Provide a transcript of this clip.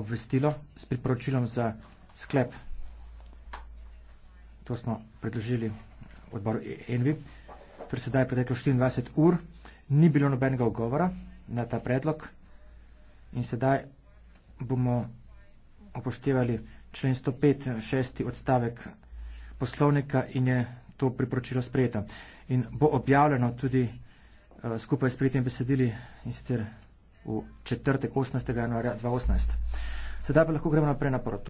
obvestilo s priporočilom za sklep. To smo predložili odboru Envi. Torej sedaj je preteklo 24 ur, ni bilo nobenega ogovora na ta predlog in sedaj bomo upoštevali člen 105, šesti odstavek poslovnika in je to priporočilo sprejeto. In bo objavljeno tudi uh, skupaj s prijetnjem besedili in sicer v četrtek 18. januarja 2018. Sedaj pa lahko gremo naprej na poroto.